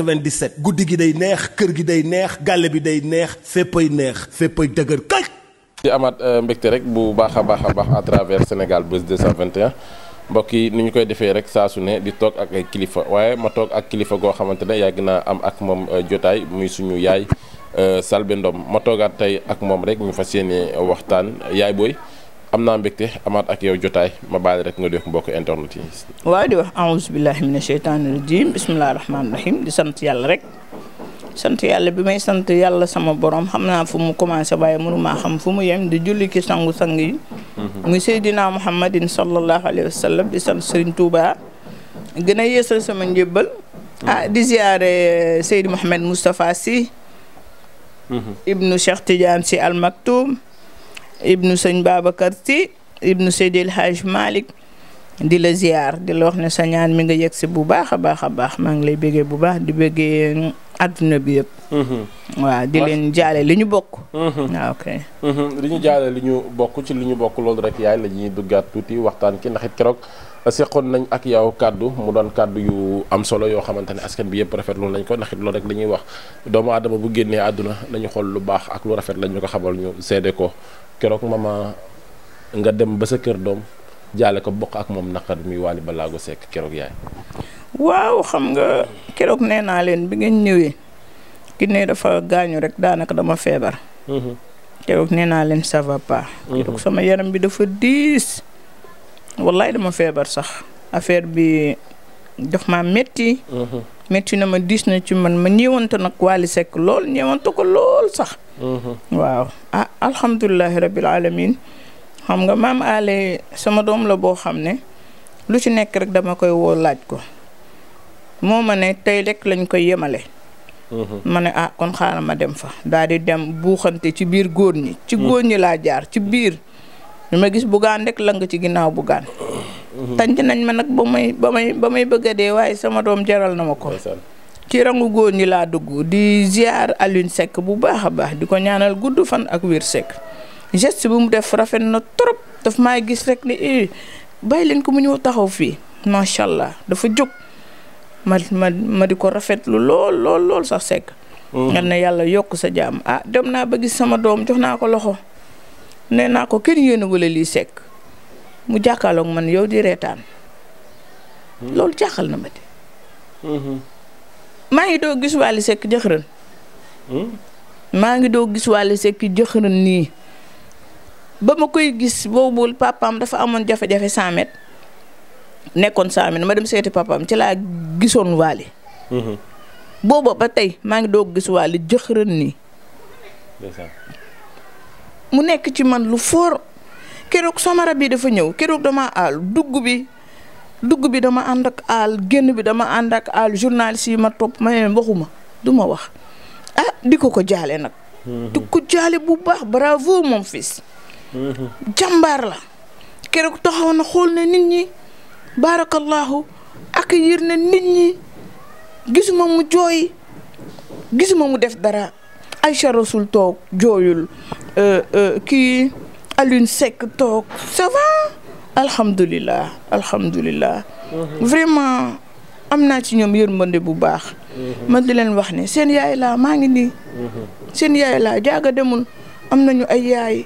97 guddi gi day neex kër gi day neex gàlle bi day neex féppay neex féppay dëgër kay di amaat euh, mbégte rek bu baax a baax baax à travers Sénégal Buzz 221 mbokk yi ni ñu koy defee rek saa su ne di toog ak kilifa waaye ma toog ak kilifa goo xamante ne yàgg naa am ak moom euh, jotaay muy suñu yaay euh, Selbé Ndom ma toogaat tey ak moom rek ñu fas yéene waxtaan yaay booy. am naa mbégte amaat ak yow jotaay ma baal rek nga def mbokk internet yi. di wax aouzu billahi mina sheytaani rajim bismillahi rahim di sant yàlla rek. sant yàlla bi may sant yàlla sama borom xam naa fu mu commencé waaye mënu maa xam fu mu yem di julli ki sangu sang yi. Mhm. muy Seydina Muhammadin sallallahu alayhi wa sallam di sant Serigne Touba. gën a yeesal sama njébbal. Mhm. ah di ziare eh, Seydi Mouhamed Moustapha Sy. Mhm. ibnu Cheikh Tidiane Sy Al ibnu sëñ Babacar Sy ibnu Seydil Hadj Malick di la ziar di la wax ne sa ñaan mi nga yegg si bu baax a baax a baax maa ngi lay béggee bu baax di béggee àdduna bi yëpp. Mhm. waaw di leen jaale li ñu bokk. waaw mhm. ah, ok. Mhm. li ñu jaale li ñu bokk ci li ñu bokk loolu rek yaay la ñuy duggaat tuuti waxtaan ki ndax it keroog seqoon nañ ak yow kàddu mu doon kàddu yu am solo yoo xamante ne askan bi yëpp rafet loolu lañ ko ndax it loolu rek la ñuy wax doomu aadama bu génnee àdduna nañu xool lu baax ak lu rafet lañ ñu ko xamal ñu seede ko. keroog mama nga dem ba sa kër doom jaale ko bokk ak moom naqar mi Wally Ballago Seck keroog yaay. waaw xam nga keroog nee naa leen bi nga ñëwee ki ne dafa gaañu rek daanaka dama feebar. Mhm. keroog nee naa leen ça va pas. Mhm. keroog sama yaram bi dafa diis. wallaay dama feebar sax affaire bi jox ma métti. métti mhm. na ma diis na ci man ma ñëwante nag Wally Seck lool ñëwante ko lool sax. Mm-hmm. waaw ah alhamdulilahi rabil alamin xam nga maam ale sama doom la boo xam ne lu ci nekk rek dama koy woo laaj ko moo ma ne tey rekk lañ koy yemale mm-hmm. ma ne a ah, kon xaaral ma dem fa daal di dem buuxante ci biir góor ñi ci góor mm-hmm. ñi laa jaar ci biir ñu ma gis bugaan rek lang ci ginnaaw bugaan tànc nañ ma nag ba may ba may ba may bëgga dee waaye sama doom jaral na ma ko ci rangu góor ñi laa dugg di ziar Alioune sekk bu baax a baax di ko ñaanal gudd fan ak wér Seck geste bu mu def rafet na trop dafa may gis rek ne eh bàyyi leen ko mu ñëw taxaw fii macha allah dafa jóg ma ma ma di ko rafetlu lool lool lool sax Seck. Mm. nga ne yàlla yokk sa jaam ah dem naa ba gis sama doom jox naa ko loxo nee naa ko kenn yéen a lii Seck mu jàkkaarloog man yow di reetaan mm. loolu jaaxal na ma de. Mm-hmm. maa ngi doo gis Wally Seck jëxërën hmm? maa ngi doo gis Wally Seck jëxërën nii ba ma koy gis boobul papaam dafa amoon jafe-jafe 100 nekkoon 100 mètres ma dem seeti papaam ci laa gisoon Wally hmm. booba ba tey maa ngi doog gis Wally jëxërën nii mu nekk ci man lu foor keroog samara bi dafa ñëw keroog dama aalu dugg bi dugg bi dama ànd ak àll génn bi dama ànd ak àll journaliste yi ma topp ma ne waxuma du ma wax ah di ko ko jaale nag. Mhm. di ko jaale bu baax bravo mon fils. Mhm. jàmbaar la. keroog taxaw na xool na nit ñi barakallahu ak yër na nit ñi gisuma mu jooy gisuma mu def dara Aïcha Rasoul toog jooyul euh, euh, kii Alioune Seck toog ça alhamdulilah alhamdulilah. vraiment am naa ci ñoom yërmande bu baax. ma di leen wax ni seen yaay laa maa ngi nii. seen yaay laa jaaga demul am nañu ay yaay.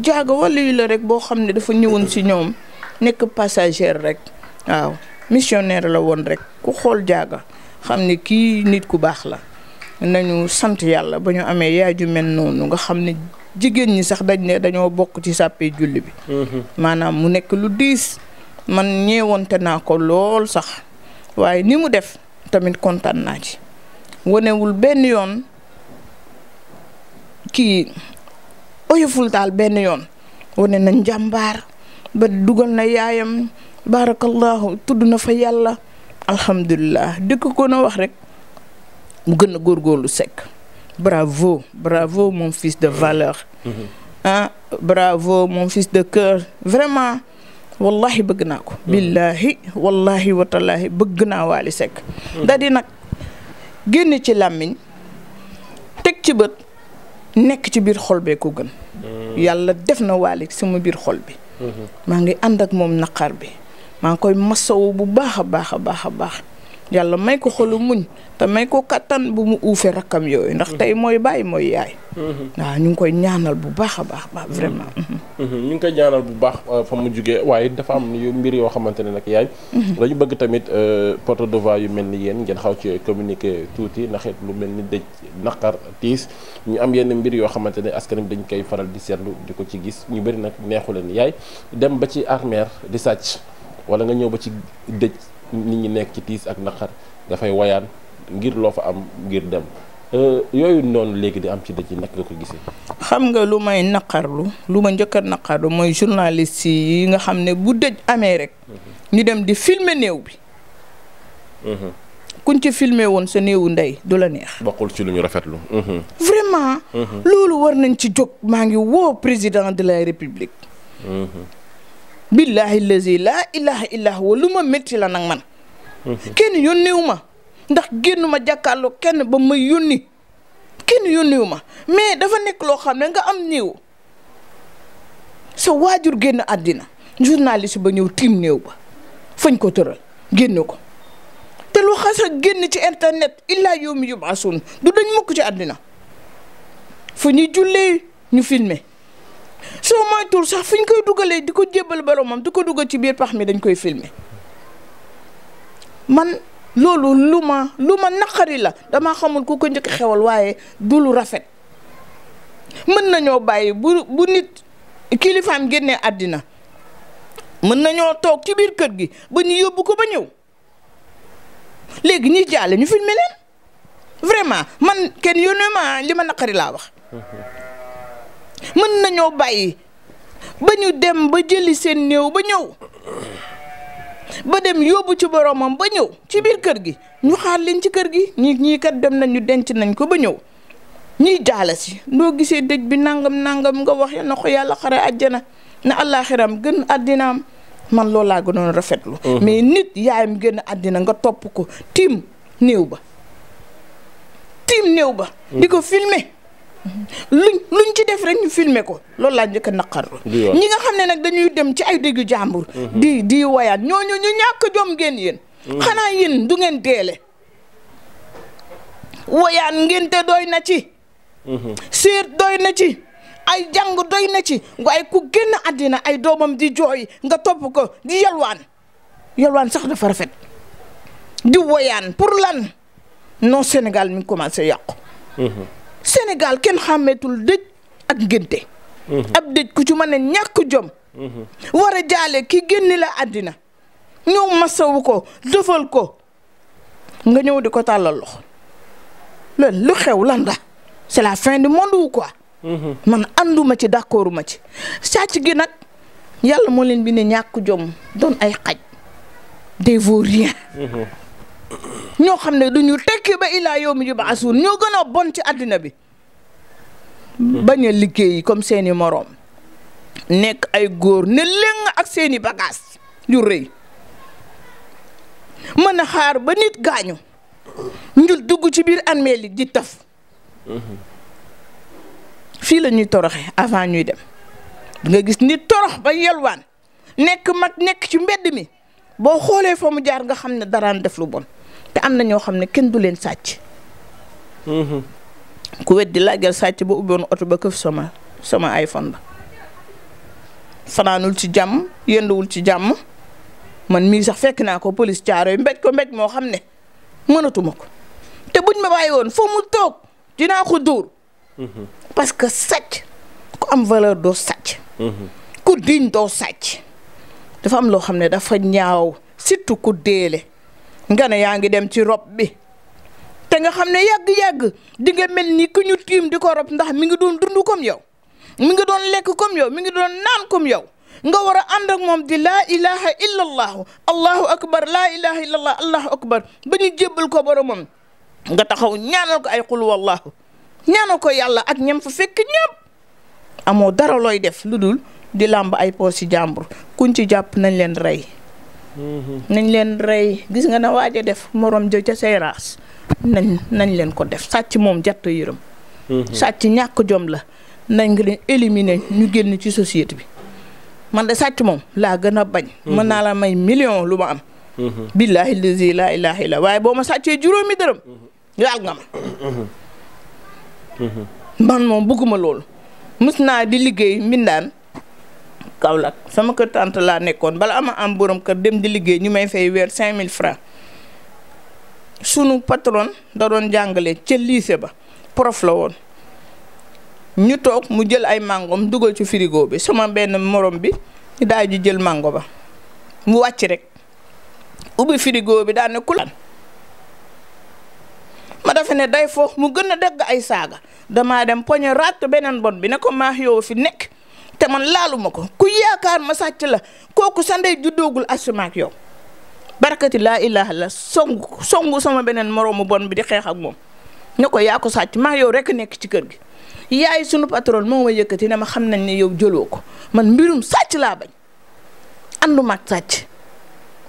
jaaga wala yi la rek boo xam ne dafa ñëwoon ci ñoom nekk passager rek waaw missionnaire la woon rek ku xool jaaga xam ne kii nit ku baax la nañu sant yàlla ba ñu amee yaay ju mel noonu nga xam ne jigéen ñi sax dañ ne dañoo bokk ci sàppe julli bi mm-hmm. maanaam mu nekk lu diis man ñeewante naa ko lool sax waaye ni mu def tamit kontaan naa ci wonewul benn yoon kii oyoful daal benn yoon wane na njàmbaar ba dugal na yaayam barakallahu tudd na fa yàlla alhamdulilah dëkk ko na wax rek mu gën a góorlu sekk bravo bravo moom fils de valeur. Mm-hmm. ah bravo mon fils de cœur vraiment wallahi bëgg naa ko. Mm-hmm. billahi wallahi watalahi bëgg naa Wally Seck. Mm-hmm. da nag génn ci làmmiñ teg ci bët nekk ci biir xol bee ko gën. yàlla def na Wally sama biir xol bi. maa ngi ànd ak moom naqar bi maa ngi koy masawu bu baax a baax a baax a baax. yàlla may ko xolu muñ te may ko kàttan bu mu uufe rakkam yooyu ndax tey mooy bàyyi mooy yaay. Mm-hmm. waaw ñu ngi koy ñaanal bu baax a baax baax vraiment. Mm-hmm. Mm-hmm. ñu ngi koy ñaanal bu baax euh, fa mu jugee waaye dafa am mbir yoo xamante ne nag yaay. dañu bëgg tamit pot euh, porte-voix yu mel ni yéen ngeen xaw ci communiquer tuuti ndax it lu mel ni dëj naqar tiis ñu am yenn mbir yoo xamante ne askan dañ koy faral di seetlu di ko ci gis ñu bëri nag neexu leen yaay dem ba ci armeer di sàcc wala ñëw ba ci dëj. nit ñi nekk ci tiis ak naqar dafay woyaan ngir loo fa am ngir dem euh, yooyu noonu léegi di am ci dëj yi nag nga ko gisee. xam nga lu may naqarlu lu ma njëkk a naqarlu mooy journaliste yi nga xam ne bu dëj amee rek. Mhm. ñu dem di filmer néew bi. Mhm. kuñ ci filmer woon sa néewu ndey du la neex. bokkul ci lu ñu rafetlu. Mhm. vraiment. loolu war nañ ci jóg maa ngi woo président de la république. billahi lazi laa ilaha illa huwa lu ma métti la nag man mhm. kenn yónniwu ma ndax génn ma jàkkaarloo kenn ba ma yónni kenn yónniwu ma mais dafa nekk loo xam ne nga am néew sa waajur génn àddina journaliste ba ñëw tiim néew ba fañ ko tëral génn ko te loo xas a génn ci internet illaa yow mi yóbbu asuun du dañ mukk ci àddina fu ñuy jullee ñu filmer soo moytuwul sax fu ñu koy dugalee di ko jébbal boromam di ko dugal ci biir pax mi dañ koy filmer man loolu lu ma lu ma naqari la damaa xamul ku ko njëkk xewal waaye du rafet mën nañoo bàyyi bu bu nit kilifaam génne àddina mën nañoo toog ci biir kër gi ba ñu yóbbu ko ba ñëw léegi ñuy jaale ñu filmer leen vraiment man kenn yónnee ma li ma naqari laa wax. mën nañoo bàyyi ba ñu dem ba jëli seen néew ba ñëw ba dem yóbbu ci boroomam ba ñëw ci biir kër gi ñu xaar leen ci kër gi ñi ñii kat dem nañ ñu denc nañ ko ba ñëw ñuy jaala si doo gisee dëj bi nangam nangam nga wax na ko yàlla xare àjjana na àllaaxiram gën àddinaam man loolu laa gënoon rafetlu. Mhm. mais nit yaayam gën àddina nga topp ko tiim néew ba tiim néew ba. di ko filmer. luñ luñ ci def rek ñu filmer ko loolu laa njëkk a naqarlu ñi nga xam ne nag dañuy dem ci ay déggu jàmbur mhm. di di wayaat ñooñu ñu ñàkk jom ngeen yéen mhm. xanaa yéen du ngeen deele woyaan ngénte doy na ci mhm. séet doy na ci ay jàng doy na ci waaye ku génn àddina ay doomam di jooy nga topp ko di yalwaan yalwaan sax dafa rafet di woyaan pour lan non Sénégal mi ngi commencé yàqu Sénégal kenn xàmmeetul dëj ak ngénte mhm. ab dëj ku ci mën ne ñàkk jom mhm. war a jaale ki génni la àddina ñëw masawu ko dëfal ko nga ñëw di ko tàllal loxo loolu lu xew lan la c'est la fin du monde ou mhm. man ànduma ci d'accordu ma ci sàcc gi nag yàlla moo leen bi ne ñàkk jom doon ay xaj des ñoo xam ne du ñu tekki ba ilaa yow mi yubaasuun ñoo gën a bon ci àddina bi bañ a liggéey comme seeni moroom nekk ay góor ne léng ak seeni bagaas yu rëy mën na xaar ba nit gaañu njul dugg ci biir armeel yi di taf fii la ñuy toroxe avant ñuy dem nga gis nit torox ba yelwaan nekk mag nekk ci mbedd mi boo xoolee fa mu jaar nga xam ne daraan def lu bon te am na ñoo xam ne kenn du leen sàcc. Mm-hmm. ku weddi laajal sàcc ba ubboon oto ba këf sama sama iPhone la fanaanul ci jàmm yenduwul ci jàmm man mii sax fekk naa ko police caaro yi mbéj ko mbéj moo xam ne mënatuma ko te buñ ma bàyyi woon foo mu toog dinaa ko dóor. Mm-hmm. parce que sàcc ku am valeur doo sàcc. Mm-hmm. ku diñ doo sàcc. dafa am loo xam ne dafa ñaaw surtout ku deele nga ne yaa ngi dem ci rob bi te nga xam ne yàgg-yàgg di nga mel ni ku ñu tiim di ko rob ndax mi ngi doon dund koom yow mi ngi doon lekk comme yow mi ngi doon naan koom yow nga war a ànd ak moom di laa ilaha illa allahu allahu akbar laa ilaha illa allah allahu akbar ba ñu jébbal ko boromam nga taxaw ñaanal ko ay qul wallahu ñaanal ko yàlla ak ñam fa fekk ñëpp amoo dara looy def lu dul di làmb ay poos ci jàmbur kuñ ci jàpp nañ leen rey nañ leen rey gis nga ne waaj def morom jë ca say nañ nañ leen ko def sàcc moom jàtt yërëm mhm. sàcc ñàkk jom la nañ leen éliminer ñu génn ci société bi man de sàcc moom laa gën a bañ mhm. mën naa la may million lu ma am mhm. billaahi lazi laa ilaaha illa waaye boo ma sàccee juróomi dërëm yàlla nga ma man moom bëgguma loolu mës naa di liggéey mbindaan Kaolack sama kër tante laa nekkoon bala ama am borom kër dem di liggéey ñu may fay weer 5000 francs sunu patron da doon jàngale ca lycée ba prof la woon ñu toog mu jël ay màngoom dugal ci frigo bi sama benn morom bi daay ju jël màngo ba mu wàcc rek ubbi frigo bi daane kulan ma defe ne day foofu mu gën a dëgg ay saaga dama dem poñe ratt beneen bon bi ne ko maax yow fi nekk te man laaluma ko ku yaakaar ma sàcc la kooku sa ndey juddoogul asuma yow barakati laa ilaha la songu songu sama beneen moroomu bon bi di xeex ak moom ne ko yaa ko sàcc maa yow rek nekk ci kër gi yaay sunu patron moo ma yëkkati ne ma xam nañ ne yow jëloo ko man mbirum sàcc laa bañ ànduma ak sàcc.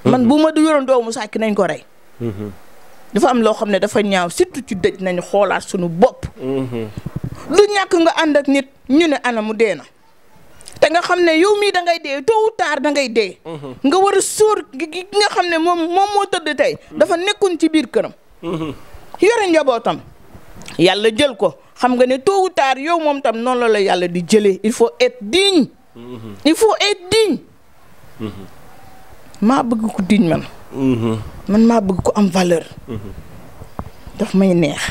man mhm. bu ma du yoroon doomu sàcc nañ ko rey. Mhm. dafa am loo xam ne dafa ñaaw surtout ci dëj nañu xoolaat sunu bopp. Mhm. du ñàkk nga ànd ak nit ñu ne ana mu dee na te nga xam ne yow mii da ngay dee tôt ou tard da ngay dee. Mhm. nga war a sóor nga xam ne moom moom moo tëdd tey. Mhm. dafa nekkoon ci biir këram. Mhm. yore njabootam yàlla jël ko xam nga ne tôt ou yow moom tam noonu la yàlla di jëlee il faut être digne. il faut être digne. maa bëgg ko diñ man man maa bëgg ko am valeur daf may neex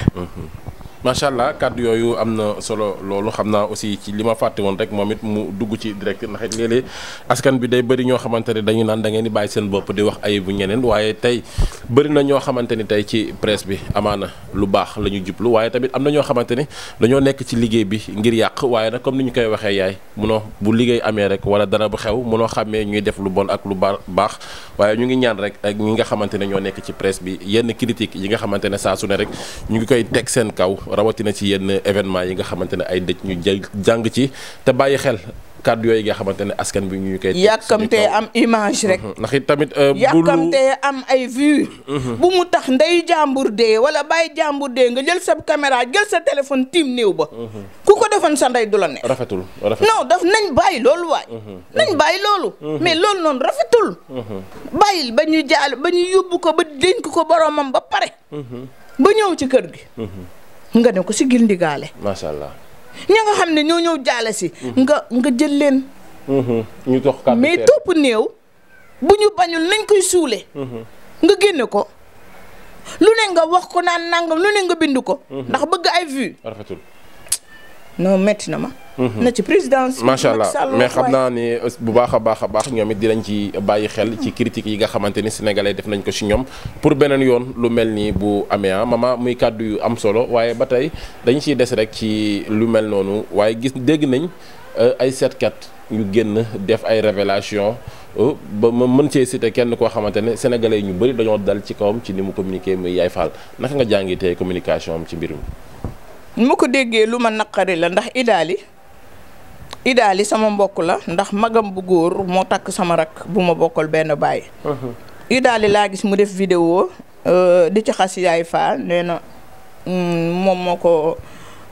macha allah kàddu yooyu am na solo loolu xam naa aussi ci li ma fàtte woon rek moom it mu dugg ci direct ndax it léeg askan bi day bëri ñoo xamante ne dañu naan da ngeen di bàyyi seen di wax ay bu ñeneen waaye tey bëri na ñoo xamante ni tey ci presse bi amaana lu baax la ñu jublu waaye am na ñoo xamante ni dañoo nekk ci liggéey bi ngir yàq waaye nag comme ni ñu koy waxee yaay munoo bu liggéey amee rek wala dara bu xew noo xàmmee ñuy def lu bon ak lu baax waaye ñu ngi ñaan rek ak ñi nga xamante ne ñoo nekk ci presse bi yenn critique yi nga xamante ne saa sune rek ñu ngi koy teg seen kaw rawatina ci yenn événement yi nga xamante ne ay dëj ñu jàng ci te bàyyi xel kàddu yooyu nga xamante ne askan bi ñu koy. yàkkamtee am image rek. Mhm. ndax it tamit euh, yàkkamtee am ay vues. Mhm. bu mu tax ndey jàmbur dee wala bàyyi jàmbur dee nga jël sa caméra jël sa téléphone tim néew ba. Mhm. ku ko defoon sa ndey du la neex. rafetul rafetul non daf nañ bàyyi loolu waay. nañ bàyyi loolu. mais loolu noonu rafetul. bàyyil ba ñu jaal ba ñu yóbbu ko ba dénk ko boromam ba pare. ba ñëw ci kër gi. nga ne ko si gil ndigaale. macha allah ña nga xam ne ñoo ñëw jaale si. nga nga jël leen. Mm-hmm. ñu jox kàddu mais topp néew. bu ñu bañul nañ koy suule. Mm-hmm. nga génne ko. lu ne nga wax ko naan nangam lu ne nga bind ko. Mm-hmm. ndax bëgg ay vues. rafetul non métti na ma. Mhm. na ci présidence. macha allah mais xam naa ne euh, bu baax a baax a baax ñoom it dinañ ci bàyyi xel. ci critiques yi nga xamante ni sénégalais def nañ ko ci ñoom. pour beneen yoon lu mel nii bu amee ah maman muy kàddu yu am solo waaye ba tey dañ ci des rek ci lu mel noonu waaye gis dégg nañ euh, ay seetkat ñu génn def ay révélation euh, ba ma mën cee cité kenn koo xamante ne sénégalais ñu bëri dañoo dal ci kawam ci ni mu communiqué muy Yaay fal naka nga jàngitee communication ci mbir ma ko déggee lu ma naqari la ndax idaali idaali sama mbokk la ndax magam bu góor moo takk sama rak bu ma bokkal benn baay. Uh-huh. idaali laa gis mu def vidéo euh, di ci xas yaay faa nee na mm, moom moo ko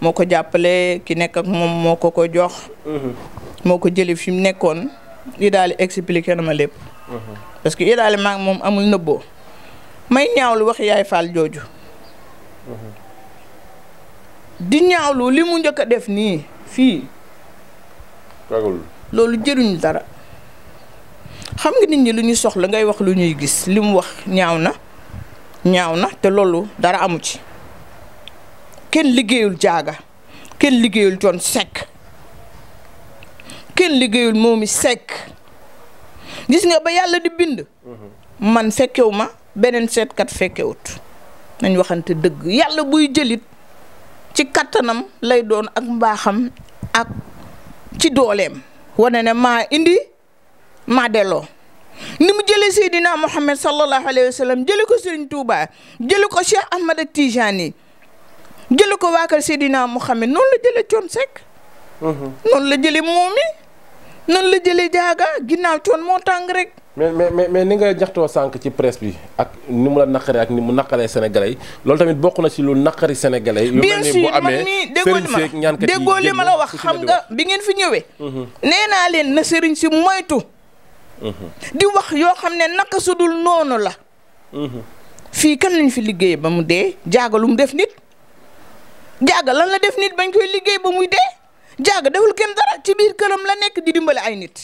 moo ko jàppale ki nekk moom moo ko ko jox. Uh-huh. moo ko jëlee fi mu nekkoon idaali expliqué na ma lépp. Uh-huh. parce que idaali maa moom amul nëbboo. may ñaawlu wax yaay faal jooju. di ñaawlu li mu njëkk def nii fii. ragalul loolu jëruñu dara. xam nga nit ñi lu ñuy soxla ngay wax lu ñuy gis li mu wax ñaaw na ñaaw na te loolu dara amu ci kenn liggéeyul jaaga kenn liggéeyul coon sekk kenn liggéeyul moom moomi sekk gis nga ba yàlla di bind. Mm-hmm. man fekkewu ma beneen seetkat fekkewut nañ waxante dëgg yàlla buy jëlit ci kàttanam lay doon ak mbaaxam ak ci dooleem wane ne ma indi ma delloo ni mu jëlee Seydina Muhammad sallallahu alayhi wa sallam jëlee ko Serigne Touba jëlee ko Cheikh Ahmad Tijani jëlee ko waa kër Seydina Muhammad noonu la jëlee Thione Seck. Mhm. noonu la jëlee Momi noonu la jëlee Jaaga ginnaaw Thione moo tàng rek. mais mais mais ni nga jaxtoo sànq ci presse bi ak ni mu la naqaree ak ni mu naqaree sénégalais yi loolu tamit bokk na ci lu naqari sénégalais yi. bien sûr man mii déggoo li ma déggoo li ma la wax xam nga bi ngeen fi ñëwee. Mhm. nee naa leen na sëriñ si moytu. Mhm. di wax yoo xam ne naka su dul noonu la. Mhm. fii kan lañ fi liggéey ba mu dee jaaga lu mu def nit. jaaga lan la def nit bañ koy liggéey ba muy dee jaaga deful kenn dara ci biir këram la nekk di dimbale ay nit.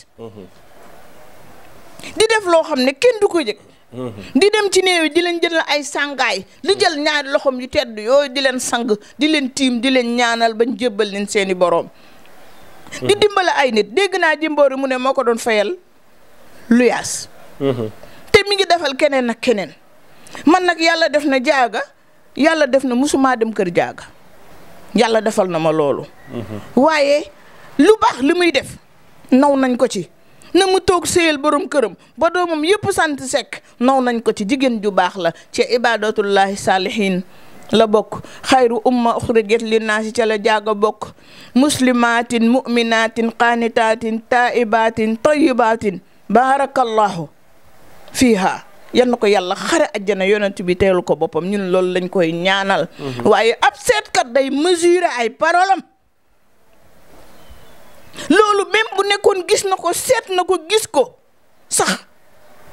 di def loo xam ne kenn du ko yëg. Mm-hmm. di dem ci néew yi di leen jël ay sàngaay li jël ñaari loxoom yu tedd yooyu di leen sang di leen tiim di leen ñaanal bañ jébbal leen seeni boroom. Mm-hmm. di dimbale ay nit dégg naa jimboori mu ne moo ko doon fayal luyaas. Mm-hmm. te mi ngi defal keneen ak keneen man nag yàlla def na jaaga yàlla def na musuma dem kër jaaga yàlla defal na ma loolu. waaye lu baax li muy def naw nañ ko ci. na mu toog séyal borom këram ba doomam yëpp sant sekk naw nañ ko ci jigéen ju baax la ci ibaadatullahi saalihin la bokk xayru umma uxrijat linnaasi ca la jaaga bokk muslimatin mu'minatin qaanitaatin taa'ibatin tayyibatin baarakallahu fiha yan ko yàlla xare ajjana yonent bi teelu ko boppam ñun loolu lañ koy ñaanal mm-hmm. waaye ab seetkat day mesurer ay parolam loolu même bu nekkoon gis na ko seet na ko gis ko sax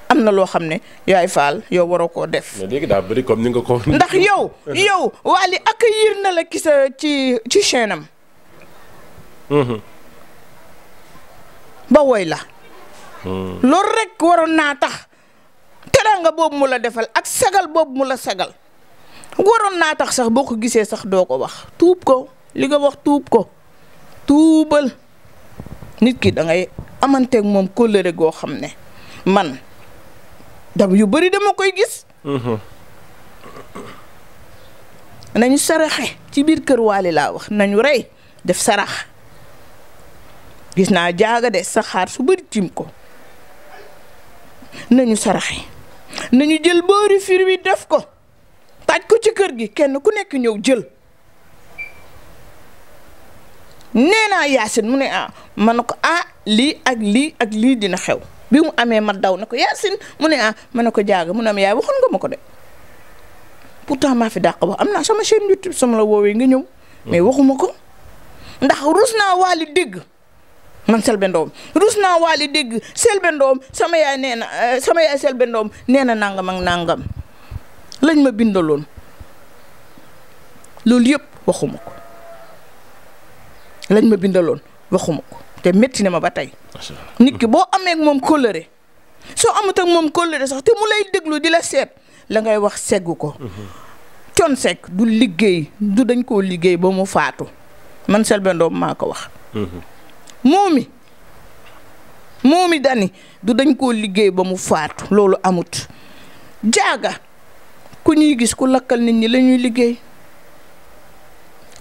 am na loo xam ne yaay faal yow waroo koo def. léegi daa bëri comme ni nga ko. ndax yow yow Wally accueillir na la ki sa ci ci chaîne am. Mhm. ba woy la. Hmm. loolu rek waroon naa tax teranga boobu mu la defal ak sagal boobu mu la sagal waroon naa tax sax boo ko gisee sax doo ko wax tuub ko li nga wax tuub ko tuubal. nit ki dangay ngay amanteeg moom kóllëre goo xam ne man dam yu bari dama koy gis. Mm-hmm. nañu saraxe ci biir kër waali laa wax nañu rey def sarax gis naa jaaga de saxaar su bari tiim ko nañu saraxe nañu jël boori fir wi def ko taaj ko ci kër gi kenn ku nekk ñëw jël. nee naa Yacine mu ne ah ma ne ko ah lii ak lii ak lii dina xew bi mu amee ma daw na ko Yacine mu ne ah ma ne ko jaaga mu ne am yaay waxoon ko de pour pourtant maa fi dàq wax am naa sama chaîne YouTube sama la woowee nga ñëw. mais waxuma ko ndax rus naa waali dégg man Selbé Ndom rus naa waali dégg Selbé Ndom sama yaay nee na euh, sama yaay Selbé Ndom nee na nangam ak nangam lañ ma bindaloon loolu yëpp waxuma ko. lañ ma bindaloon waxuma ko te métti na ma ba tey. nit ki boo amee ak moom kóllëre soo amut ak moom kóllëre sax te mu lay déglu di la seet la ngay wax seggu ko. Thione mm-hmm. du liggéey du dañ koo liggéey ba mu faatu man Selbé maa ko wax. Mm-hmm. moomi du dañ koo liggéey ba mu faatu loolu amut jaaga ku ñuy gis ku lakkal nit ñi lañuy liggéey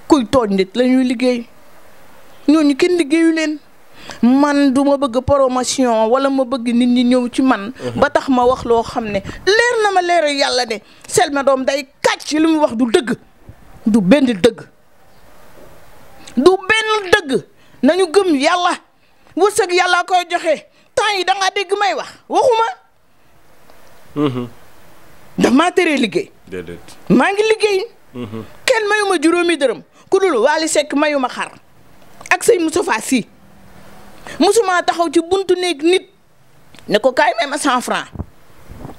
kuy tooñ nit la liggéey. ñooñu kenn liggéeyu leen man du ma bëgg promotion wala ma bëgg nit ñi ñëw ci man. Mhm. ba tax ma wax loo xam ne leer na ma leer yàlla ne Selma doom day kàcc li mu wax du dëgg du benn dëgg du benn dëgg nañu gëm yàlla wërsëg yàlla koy joxe temps yi da dégg may wax waxuma. Mhm. ndax maa teree liggéey. maa ngi liggéey. Mhm. kenn mayu ma juróomi dërëm ku dul Waly Seck mayu ma xar. ak sëñ Moustapha Sy musuma taxaw ci buntu néeg nit ne ko kaay may ma cent franc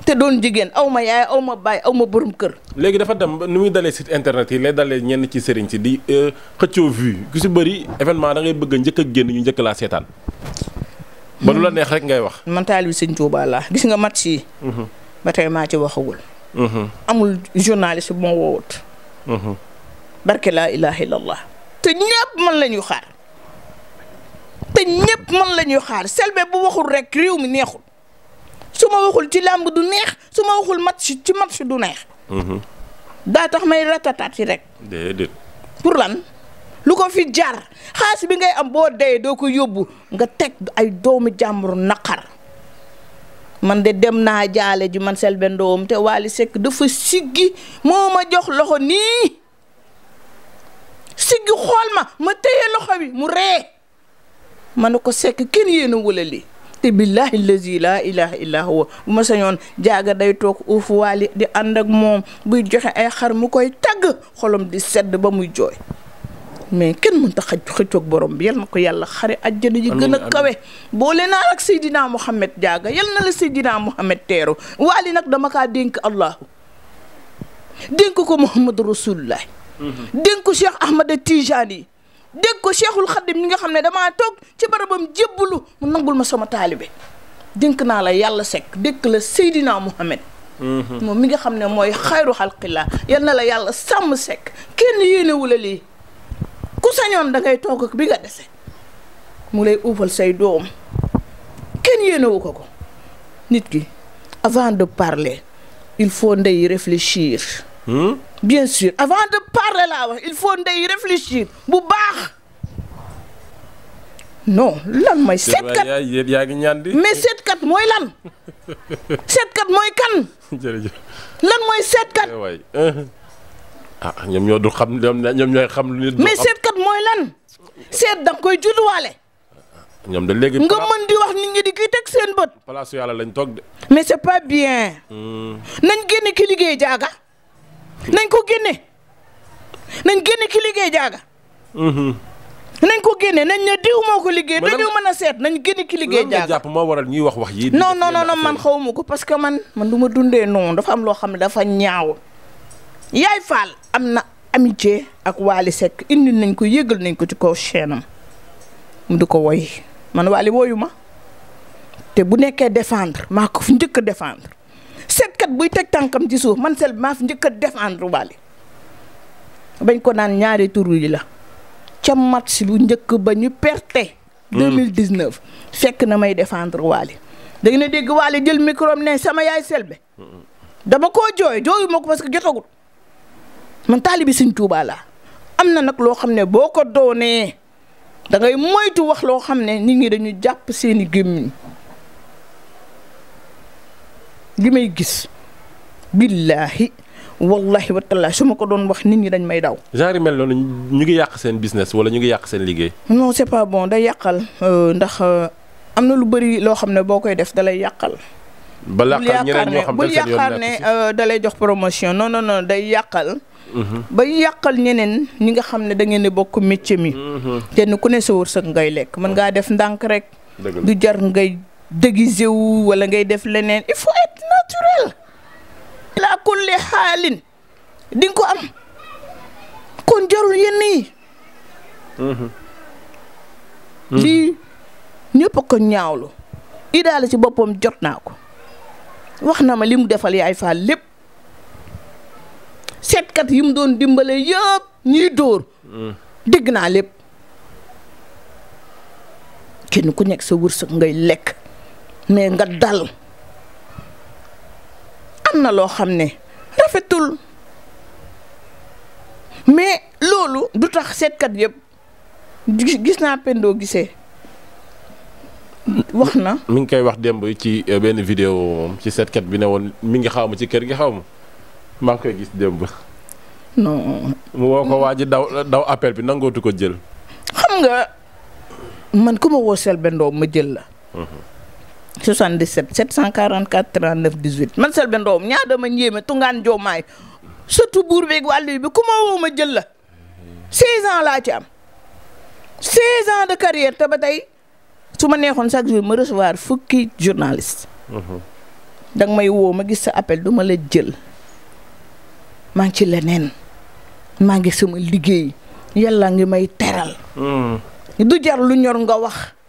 te doon jigéen aw ma yaay aw ma baay aw ma borom kër. léegi dafa dem ni muy dalee sit internet yi lay dalee ñenn ci sëriñ si di euh, xëccoo vue ku si bëri événement dangay bëgg a njëkk a génn ñu njëkk laa seetaan. ba lu la hmm. neex rek ngay wax. man taalibi sëñ Tuubaa laa gis nga mat yi. Mhm. ba tey maa ci waxagul. Mhm. amul journaliste bu ma woowut. Mhm. barke laa ilaaha illallah. te ñëpp man la xaar. te ñëpp man la ñuy xaar Selbé bu waxul rekk réew mi neexul su ma waxul ci làmb du neex su ma waxul match ci match du neex. Mm-hmm. daa tax may ratataat yi rek. pour lan lu ko fi jaar xaalis bi ngay am boo dee doo ko yóbbu nga teg ay doomu jàmbur naqar man de dem naa jaale ji man Selbé Ndom te Wally Seck dafa siggi moo ma jox loxo nii siggi xool ma ma téye loxo bi mu ree. ma ne ko sekk kenn yéen a wala lii te billahi lazi laa ilaha illa huwa bu ma sañoon jaaga day toog uuf waali di ànd ak moom buy joxe ay xar mu koy tagg xolom di sedd ba muy jooy mais kenn mënta xaj xëccoog borom bi yal na ko yàlla xare ajjana ji gën a kawe boole naa ak Seydina Mouhamed jaaga yal na la Seydina Mouhamed teeru waali nag dama kaa dénk allahu dénk ko Mouhamadou Rasulullah mm-hmm. dénk ko Cheikh Ahmada Tijani dégg ko cheikhul xadim mi nga xam ne damaa toog ci barabam jébbalu mu nangul ma sama taalibe dénk naa la yàlla sekk dénk la Seydina Muhammad mhm. moom mi nga xam ne mooy xayru xalqillah yal la yàlla sàmm sekk kenn yéenewu la lii ku sañoon da ngay toog ak bi nga dese mu lay uufal say doom kenn yéenewu ko ko nit ki avant de parler il faut ndey réfléchir hmm? bien sûr avant de parler laa wax il faut ndey réfléchir bu baax non lan mooy seetkat ñaan di mais seetkat mooy lan seetkat mooy kan lan mooy seetkat eh ah, ñoom ñoo du xam ñoom ñooy xam lu nit mais seetkat mooy lan seet da koy judduwaale ñoom da léegi nga mën di wax nit ñi di kii teg seen bët place yàlla lañ toog de mais c'est pas bien hmm. nañ génn ki liggéey jaaga nañ ko génne nañ génne ki liggéey jaaga. Mm-hmm. nañ ko génne nañ ne diw moo ko liggéey. dañu mën a seet nañ génne ki liggéey jaaga. lan jàpp moo waral ñuy wax wax yi. non non non man xawma ko parce que man man du ma dundee noonu dafa am loo xam ne dafa ñaaw. yaay faal am na amitié ak Waly Seck indi nañ ko yëgal nañ ko ci kaw chaîne mu di ko woy man Waly woyu ma te bu nekkee défendre maa ko fi njëkk a défendre. seetkat buy teg tànkam ci suuf man sel maa fi njëkk a défendre bañ ko naan ñaare tur yi la ca match bu njëkk ba ñu perte. 2019 mm. fekk na may défendre Wally da na dégg Wally jël micro ne sama yaay Selbé dama koo jooy jooyu ma ko parce que jotagul man taalibi siñ Tuubaa am na nag loo xam ne boo ko doonee dangay moytu wax loo xam ne nit ñi dañu jàpp seeni gémmiñ li may gis billaahi wallahi watalaay su ma ko doon wax nit ñi dañ may daw. genre mel noonu ñu ngi yàq seen business wala ñu ngi yàq seen liggéey. non c'est pas bon day yàqal euh, ndax euh, am na lu bëri loo xam ne boo koy def dalay yàqal. ba làqal ñeneen ñoo bul euh, dalay jox promotion non day yàqal. Mhm. ba yàqal ñeneen ñi nga xam ne da ngeen di bokk métier mi. Mhm. kenn ku ne sa wërsëg ngay lekk mën ngaa def ndànk rek. du jar ngay. déguisé walla ngay def leneen il faut être naturel la kulli xaalin di ko am kon jarul yenn yi. Mm-hmm. lii mm-hmm. ñëpp ko ñaawlu. idaale ci boppam jot naa ko wax na ma li mu defal yaay faal lépp seetkat yi mu doon dimbale yëpp ñiy dóor. Mm. dégg naa lépp kenn ku nekk sa wërsëg ngay lekk. mais nga dal am na loo xam ne rafetul mais loolu du tax seetkat yëpp gis naa Pendo gisee wax na. mu ngi koy wax démb ci euh, benn vidéo moom ci seetkat bi ne woon mi ngi xaw ma ci kër gi xaw ma maa ngi koy gis démb. non. mu woo ko waa ji daw daw appel bi nangootu ko jël. xam nga man ku ma woo Selbé Ndom ma jël la. Mhm. 77 744 39 18 man Selbé Ndom ñaadama njéeme tungaan joomaay surtout buur beeg wàllu bi ku ma woo ma jël la 16 ans laa ci am 16 ans de carrière te ba tey su ma neexoon chaque jour ma recevoir fukki journaliste mhm. danga may woo ma gis sa appel du ma la jël maa ngi ci neen maa ngi sama liggéey yàlla ngi may teral mhm. du jar lu ñor nga wax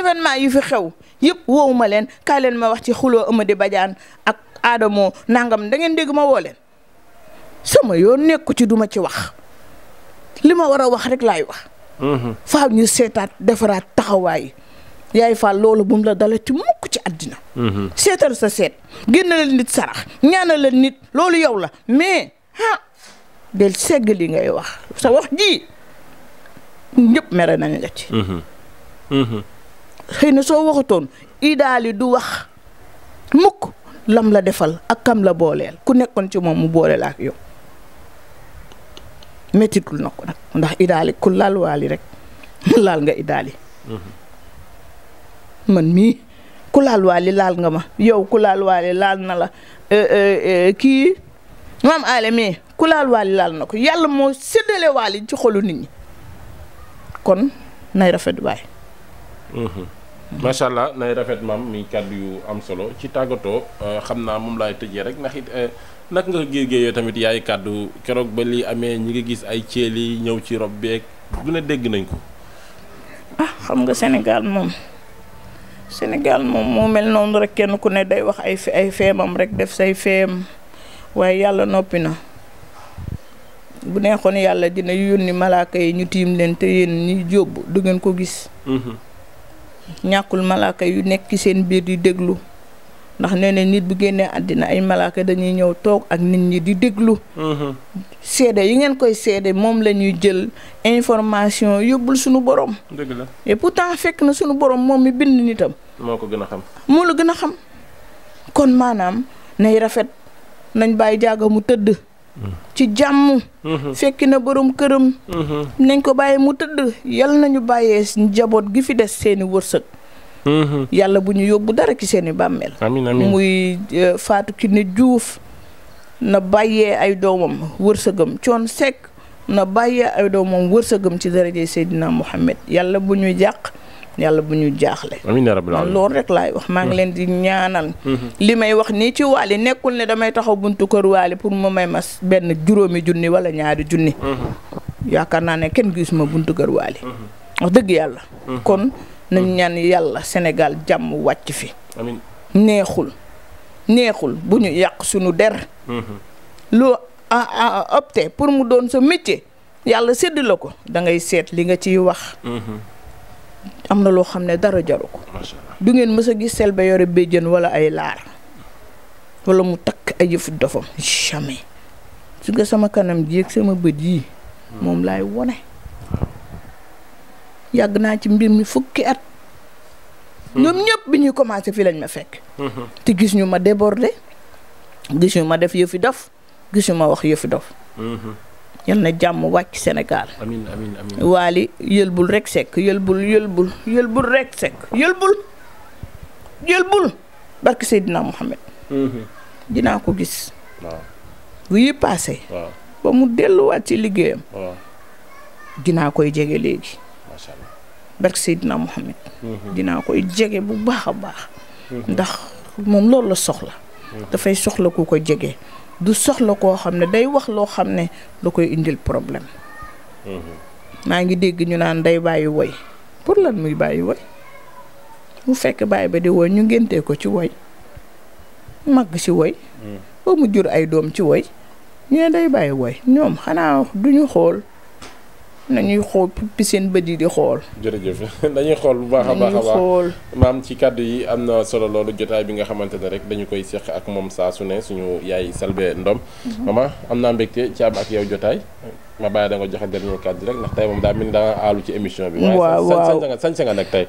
événement yu fi xew yépp woowuma leen kaay leen ma wax ci xuloo Amady bajaan ak Adamo nangam dangeen ngeen dégg ma woo leen sama yoon nekku ci duma ci wax li ma war a wax rek laay wax. Mhm. faaw ñu seetaat defaraat taxawaay yaay faal loolu bu la dala ci mukk ci àddina. Mhm. seetal sa seet génnalal nit sarax ñaanalal nit loolu yow la mais ah del segg li ngay wax sa wax ji ñëpp mere nañ la ci. Mhm. xëy na soo waxutoon idaali du wax mukk lam la defal ak kam la booleel ku nekkoon ci moom mu boole ak yow mettitul na ko nag ndax idaali ku laal rek laal nga idaali man mii ku laal waali laal nga ma yow ku laal waali laal na la eh, eh, eh, kii maam aale mii ku laal waali laal na ko yàlla moo séddale waali ci xolu nit ñi kon nay rafet waay mm-hmm. macha allah nay rafet maam mi kàddu yu am solo ci tàggatoo euh, xam naa moom laay tëjee rek ndax it euh, nag nga géegee tamit yaay kàddu keroog ba lii amee ñi ngi gis ay ceel ñëw ci rob beeg du ne dégg nañ ko. ah xam nga senegal moom Sénégal moom moo mel noonu rek kenn ku ne day wax ay ay feemam rek def say feem waaye yàlla noppi na. bu neexoon yàlla dina yónni malaaka yi ñu tiim leen te yéen ñi du ngeen ko gis. Mm-hmm. ñàkkul malaaka yu nekk ci seen biir di déglu ndax nee na nit bu génnee àddina ay malaaka dañuy ñëw toog ak nit ñi di déglu mm-hmm. seede yi ngeen koy seede moom la ñuy jël information yóbbul sunu borom dëgg la et fekk na suñu borom moom mi bind nitam moo ko gën a xam moo la gën a xam kon maanaam nay rafet nañ bàyyi jaaga mu tëdd ci jàmm. Mm-hmm. fekki na borom këram. Mm-hmm. nañ ko bàyyi mu tëdd yal nañu bàyyee njaboot gi fi des seeni wërsëg. Mm-hmm. yàlla bu ñu yóbbu dara ki seeni bàmmeel. amiin amiin muy e, Fatou Kiné Diouf na bàyyee ay doomam wërsëgam coon sekk na bàyyee ay doomam wërsëgam ci daraja Seydina Mohamed yàlla bu ñuy jàq yàlla bu ñu jaaxle man loolu rek laay wax maa ngi leen di ñaanal mm-hmm. li may wax nii ci waali nekkul ne damay taxaw buntu kër waali pour mu may mas benn juróomi junni wala ñaari junni mm-hmm. yaakaar naa ne kenn gisuma buntu kër waali mm-hmm. dëgg yàlla kon nañu ñaan yàlla senegal jàmm wàcc fi neexul neexul bu ñu yàq suñu der loo opté pour mu doon sa métier yàlla sédd la ko dangay seet li nga ciy wax am na loo xam ne dara jaru ko du ngeen mës a gis Selbé yore béjjën wala ay laar wala mu takk ay yëfu dofam jamais su nga sama kanam ji sama bët yii hmm. moom laay wone hmm. yàgg naa ci mbir mi fukki at hmm. ñoom ñëpp bi ñuy commencé fii lañ ma fekk te gis ñu ma débordé gis ñu ma def yëfi dof gis ñu ma wax yëfi dof yal na jàmm wàcc Sénégal. amiin amiin amiin waali yëlbul rek sekk yëlbul yëlbul yëlbul sekk yëlbul yëlbul barke Seydina Mohamed. Mhm. dinaa ko gis. waaw bu yi paase. ba mu delluwaat ci liggéeyam. waaw koy jege léegi. macha Seydina Mohamed. Mhm. dinaa koy jege bu baax a baax. Mhm. ndax moom loolu la soxla. dafay soxla ku ko jege. du soxla koo xam ne day wax loo xam ne da koy indil problème. Mm-hmm. maa ngi dégg ñu naan day bàyyi woy pour lan muy bàyyi woy mu fekk bàyyi ba di woy ñu ngéntee ko ci woy màgg ci woy mm. ba mu jur ay doom ci woy ñu ne day bàyyi woy ñoom xanaa duñu xool. nañuy xool bi seen bët yi di xool. jërëjëf dañuy xool bu baax a baax a baax maam ci kàddu yi am na solo loolu jotaay bi nga xamante ne rek dañu koy seq ak moom saa su ne suñu yaay Selbé Ndom. Mhm. maman am naa mbégte ci ak yow jotaay. ma da nga joxe dernier kàddu rek ndax tey moom daa mel ni da ci émission bi. waaw waaw sañ nga sañ nga nag tey.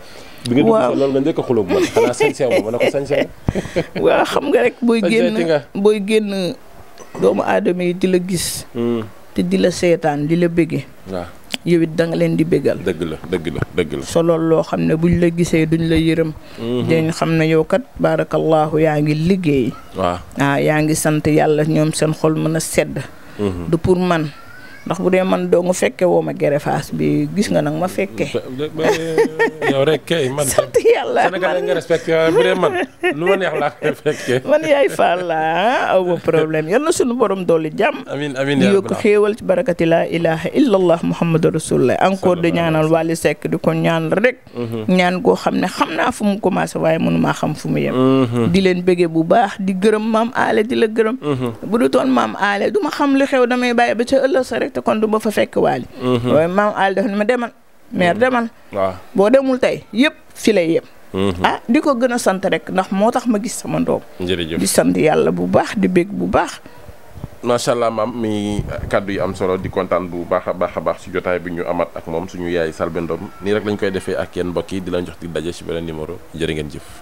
bi loolu nga njëkk a xulóog man xanaa sañ see ko sañ see waaw xam nga rek booy génn booy génn doomu aadama yi di la gis. Hmm. te di la seetaan di la bëgge yow it da nga leen di bégal. dëgg la dëgg la dëgg la. solo loo xam ne buñ la gisee duñ la yërëm. Mhm. dañ xam ne yow kat barakallahu yaa ngi liggéey. waaw ah yaa ngi sant yàlla ñoom seen xol mën a sedd. Mhm. du pour man. ndax bu man doo nga fekke woo ma gere faas bi gis nga nag ma fekke yow rek kay man sant yàlla Sénégal nga respecté bu ma neex laa koy fekke man yaay Fall la ah, aw ma problème yal na sunu borom dolli jàmm amiin amiin yokk xéewal ci barakati laa ilaha illa allah muhammadu rasulullah encore di ñaanal Wally sekk di ko ñaan rek mhm. ñaan goo xam ne xam naa fu mu commencé waaye maa xam fu mu yem mhm. di leen bëggee bu baax di gërëm maam aale di la gërëm mhm. bu du aale du ma xam li xew damay bàyyi ba ca ëllëg sa te kon du ma fa fekk waali mhm. waaye maam Aali def ne ma demal mère mhm. demal waaw boo demul tey yëpp fi lay yem mhm. ah di ko gën a sant rek ndax moo tax ma gis sama ndoom jërëjëf di sant yàlla bu baax di bég bu baax macha allah maam mi kàddu yu am solo di kontaan bu baax a baax a baax ci jotaay bi ñu amat ak moom suñu yaay Selbé Ndom nii rek lañ koy defee ak yéen mbokk yi di lañ jox di daje ci beneen numéro jërë ngeen jëf